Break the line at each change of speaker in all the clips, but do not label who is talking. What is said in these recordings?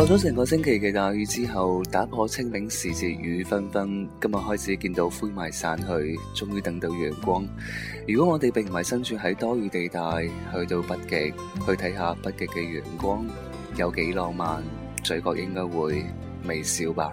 落咗成個星期嘅大雨之後，打破清明時節雨紛紛，今日開始見到灰霾散去，終於等到陽光。如果我哋並唔係身處喺多雨地帶，去到北極，去睇下北極嘅陽光，有幾浪漫，嘴角應該會微笑吧。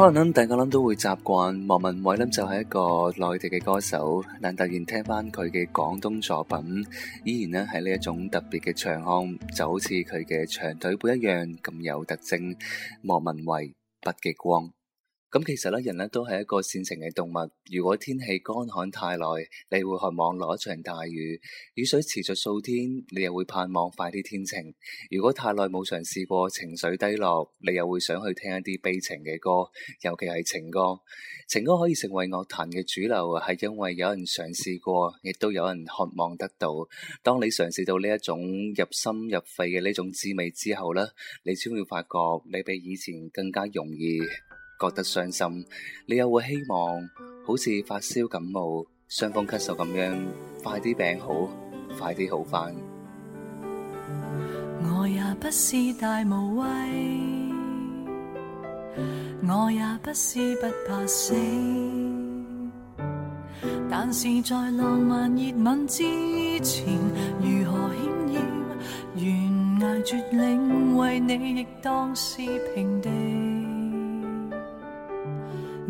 可能大家都會習慣莫文蔚就係一個內地嘅歌手，但突然聽翻佢嘅廣東作品，依然咧係呢種特別嘅唱腔，就好似佢嘅長腿褲一樣咁有特徵。莫文蔚，《北極光》。咁其實咧，人咧都係一個善情嘅動物。如果天氣乾旱太耐，你會渴望落一場大雨；雨水持續數天，你又會盼望快啲天晴。如果太耐冇嘗試過，情緒低落，你又會想去聽一啲悲情嘅歌，尤其係情歌。情歌可以成為樂壇嘅主流，係因為有人嘗試過，亦都有人渴望得到。當你嘗試到呢一種入心入肺嘅呢種滋味之後咧，你先會發覺你比以前更加容易。覺得傷心，你又會希望，好似發燒感冒、傷風咳嗽咁樣，快啲病好，快啲好返。
我也不是大無畏，我也不是不怕死，但是在浪漫熱吻之前，如何輕易？懸崖絕嶺為你，亦當是平地。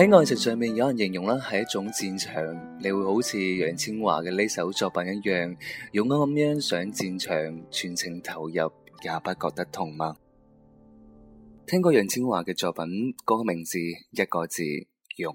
喺愛情上面，有人形容啦，係一種戰場，你會好似楊千嬅嘅呢首作品一樣，勇敢咁樣上戰場，全程投入，也不覺得痛嗎？聽過楊千嬅嘅作品，嗰個名字一個字勇。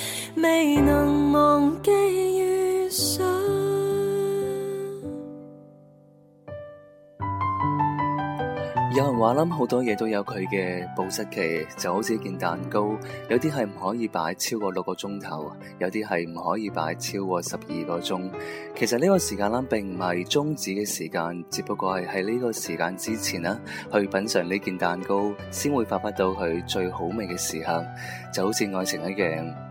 未能忘記
遇上。有人話啦，好多嘢都有佢嘅保質期，就好似一件蛋糕，有啲係唔可以擺超過六個鐘頭，有啲係唔可以擺超過十二個鐘。其實呢個時間啦，並唔係終止嘅時間，只不過係喺呢個時間之前呢，去品嘗呢件蛋糕，先會發揮到佢最好味嘅時刻。就好似愛情一樣。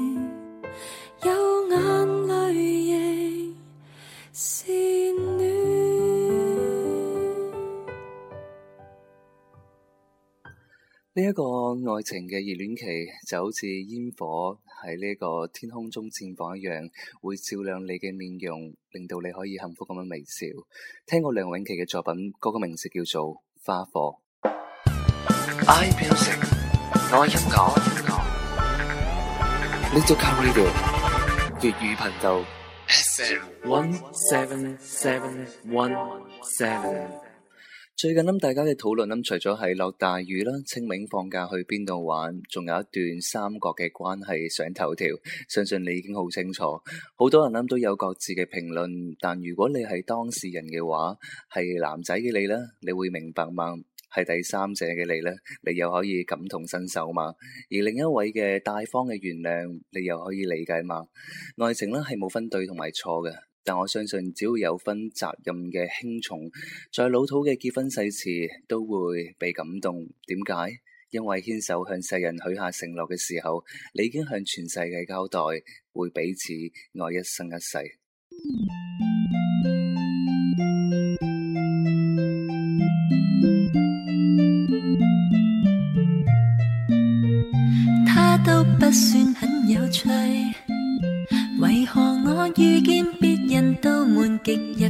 呢一個愛情嘅熱戀期，就好似煙火喺呢個天空中綻放一樣，會照亮你嘅面容，令到你可以幸福咁樣微笑。聽過梁詠琪嘅作品，嗰個名字叫做《花火》。I pick up，我香港，你做卡拉 OK 粵語頻道。One seven seven one seven。最近大家嘅討論諗，除咗係落大雨啦，清明放假去邊度玩，仲有一段三角嘅關係上頭條。相信你已經好清楚，好多人都有各自嘅評論。但如果你係當事人嘅話，係男仔嘅你咧，你會明白嘛？係第三者嘅你咧，你又可以感同身受嘛？而另一位嘅大方嘅原諒，你又可以理解嘛？愛情咧，係冇分對同埋錯嘅。但我相信，只要有份責任嘅輕重，在老土嘅結婚誓詞都會被感動。點解？因為牽手向世人許下承諾嘅時候，你已經向全世界交代會彼此愛一生一世。
他都不算很有趣，為何我遇見？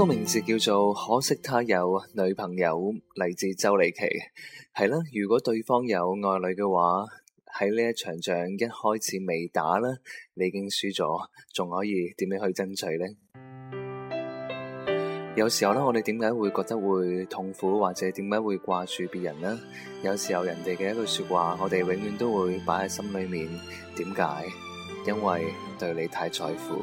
個名字叫做可惜他有女朋友，嚟自周麗淇。係啦，如果對方有愛女嘅話，喺呢一場仗一開始未打啦，你已經輸咗，仲可以點樣去爭取呢？有時候咧，我哋點解會覺得會痛苦，或者點解會掛住別人呢？有時候人哋嘅一句說話，我哋永遠都會擺喺心裏面。點解？因為對你太在乎。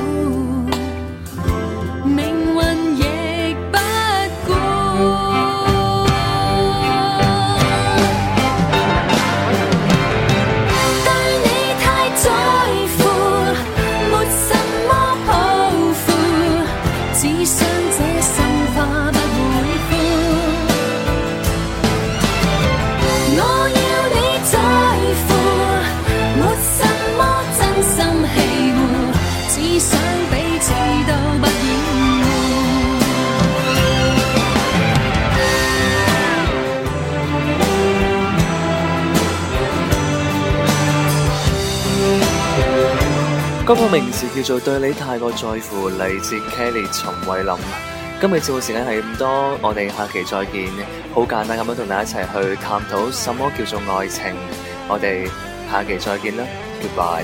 歌曲名字叫做《對你太過在乎》，嚟自 Kelly 陳慧琳。今日節目時間係咁多，我哋下期再見。好簡單咁樣同你一齊去探討什麼叫做愛情。我哋下期再見啦，Goodbye。